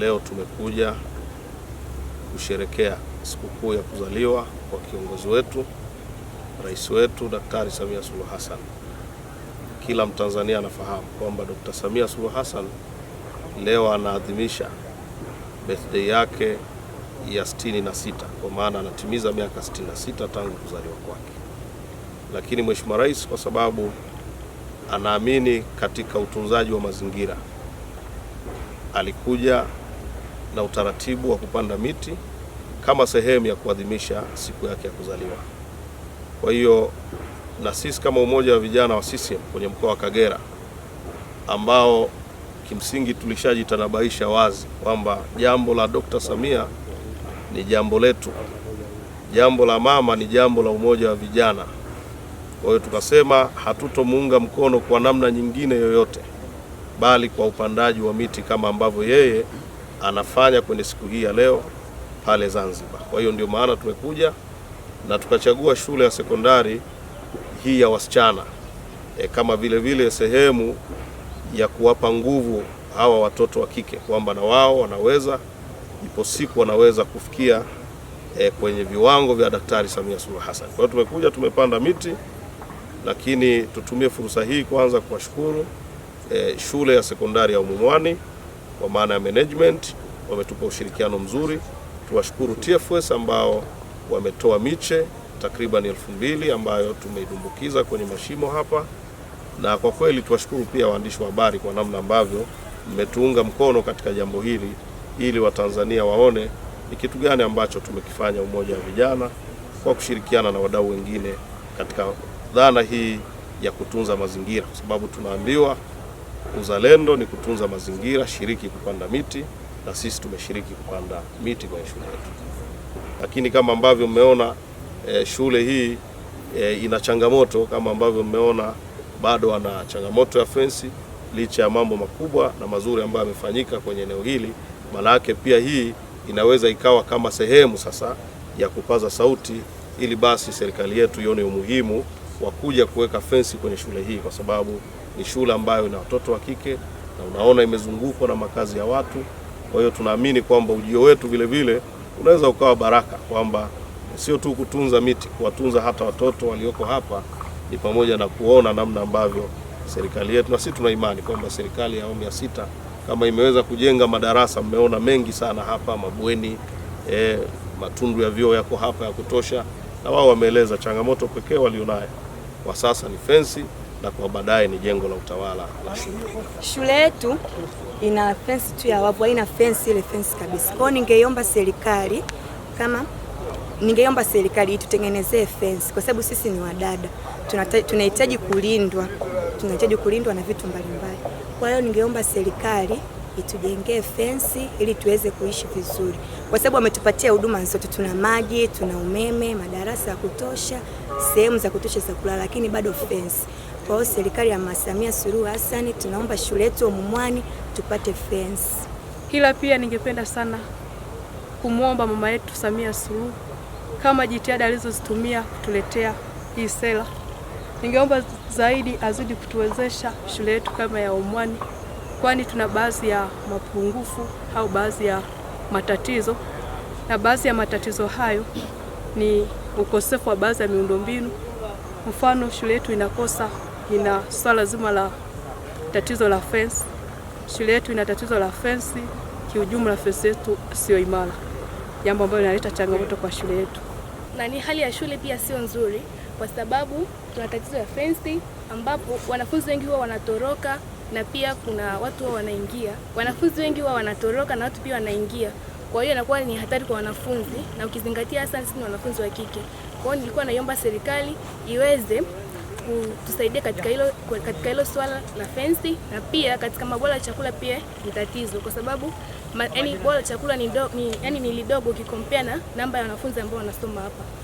Leo tumekuja kusherekea sikukuu ya kuzaliwa kwa kiongozi wetu, rais wetu Daktari Samia Suluhu Hassan. Kila Mtanzania anafahamu kwamba Dr. Samia Suluhu Hassan leo anaadhimisha birthday yake ya 66 kwa maana anatimiza miaka 66 tangu kuzaliwa kwake. Lakini Mheshimiwa Rais kwa sababu anaamini katika utunzaji wa mazingira alikuja na utaratibu wa kupanda miti kama sehemu ya kuadhimisha siku yake ya kuzaliwa. Kwa hiyo na sisi kama umoja wa vijana wa CCM kwenye mkoa wa Kagera ambao kimsingi tulishajitanabaisha wazi kwamba jambo la Dr. Samia ni jambo letu, jambo la mama ni jambo la umoja wa vijana. Kwa hiyo tukasema hatutomuunga mkono kwa namna nyingine yoyote, bali kwa upandaji wa miti kama ambavyo yeye anafanya kwenye siku hii ya leo pale Zanzibar. Kwa hiyo ndio maana tumekuja na tukachagua shule ya sekondari hii ya wasichana e, kama vile vile sehemu ya kuwapa nguvu hawa watoto wa kike kwamba na wao wanaweza, ipo siku wanaweza kufikia e, kwenye viwango vya Daktari Samia Suluhu Hassan. Kwa hiyo tumekuja tumepanda miti, lakini tutumie fursa hii kwanza kuwashukuru e, shule ya sekondari ya Umumwani kwa maana ya management wametupa ushirikiano mzuri. Tuwashukuru TFS ambao wametoa miche takriban elfu mbili ambayo tumeidumbukiza kwenye mashimo hapa, na kwa kweli tuwashukuru pia waandishi wa habari kwa namna ambavyo mmetuunga mkono katika jambo hili ili Watanzania waone ni kitu gani ambacho tumekifanya Umoja wa Vijana kwa kushirikiana na wadau wengine katika dhana hii ya kutunza mazingira, kwa sababu tunaambiwa Uzalendo ni kutunza mazingira, shiriki kupanda miti, na sisi tumeshiriki kupanda miti kwenye shule yetu. Lakini kama ambavyo mmeona eh, shule hii eh, ina changamoto kama ambavyo mmeona, bado ana changamoto ya fensi, licha ya mambo makubwa na mazuri ambayo yamefanyika kwenye eneo hili. Maana yake pia hii inaweza ikawa kama sehemu sasa ya kupaza sauti, ili basi serikali yetu ione umuhimu wa kuja kuweka fensi kwenye shule hii, kwa sababu ni shule ambayo ina watoto wa kike na unaona imezungukwa na makazi ya watu. Kwa hiyo tunaamini kwamba ujio wetu vile vile unaweza ukawa baraka, kwamba sio tu kutunza miti, kuwatunza hata watoto walioko hapa ni pamoja na kuona namna ambavyo serikali yetu, na sisi tuna imani kwamba serikali ya awamu ya sita kama imeweza kujenga madarasa, mmeona mengi sana hapa, mabweni e, matundu ya vyoo yako hapa ya kutosha, na wao wameeleza changamoto pekee walionayo kwa sasa ni fensi na kwa baadaye ni jengo la utawala la shule. Shule yetu ina fensi tu ya wavu, haina fensi ile fensi kabisa. Kwa hiyo serikali kama ningeomba serikali itutengenezee fensi kwa sababu sisi ni wadada tunahitaji kulindwa, tunahitaji kulindwa na vitu mbalimbali. Kwa hiyo ningeomba serikali itujengee fensi ili tuweze kuishi vizuri, kwa sababu wametupatia huduma zote. Tuna maji, tuna umeme, madarasa ya kutosha, sehemu za kutosha za kulala, lakini bado fensi. Kwa hiyo serikali ya Mama Samia Suluhu Hassan, tunaomba shule yetu mumwani tupate fensi. Ila pia ningependa sana kumwomba mama yetu Samia Suluhu, kama jitihada alizozitumia kutuletea hii sera, ningeomba zaidi azidi kutuwezesha shule yetu kama ya Mumwani kwani tuna baadhi ya mapungufu au baadhi ya matatizo, na baadhi ya matatizo hayo ni ukosefu wa baadhi ya miundombinu. Mfano, shule yetu inakosa ina swala zima la tatizo la fence. Shule yetu ina tatizo la fence, kiujumla fence yetu sio imara, jambo ambalo linaleta changamoto kwa shule yetu. Na ni hali ya shule pia sio nzuri, kwa sababu tuna tatizo ya fence ambapo wanafunzi wengi huwa wanatoroka na pia kuna watu wao wanaingia, wanafunzi wengi wao wanatoroka na watu pia wanaingia, kwa hiyo inakuwa ni hatari kwa wanafunzi, na ukizingatia hasa sisi ni wanafunzi wa kike. Kwa hiyo nilikuwa naiomba serikali iweze kutusaidia katika hilo katika hilo swala la fensi, na pia katika mabwala ya chakula pia ni tatizo, kwa sababu yaani la chakula ni, do, ni, yani ni lidogo ukikompea na namba ya wanafunzi ambao wanasoma hapa.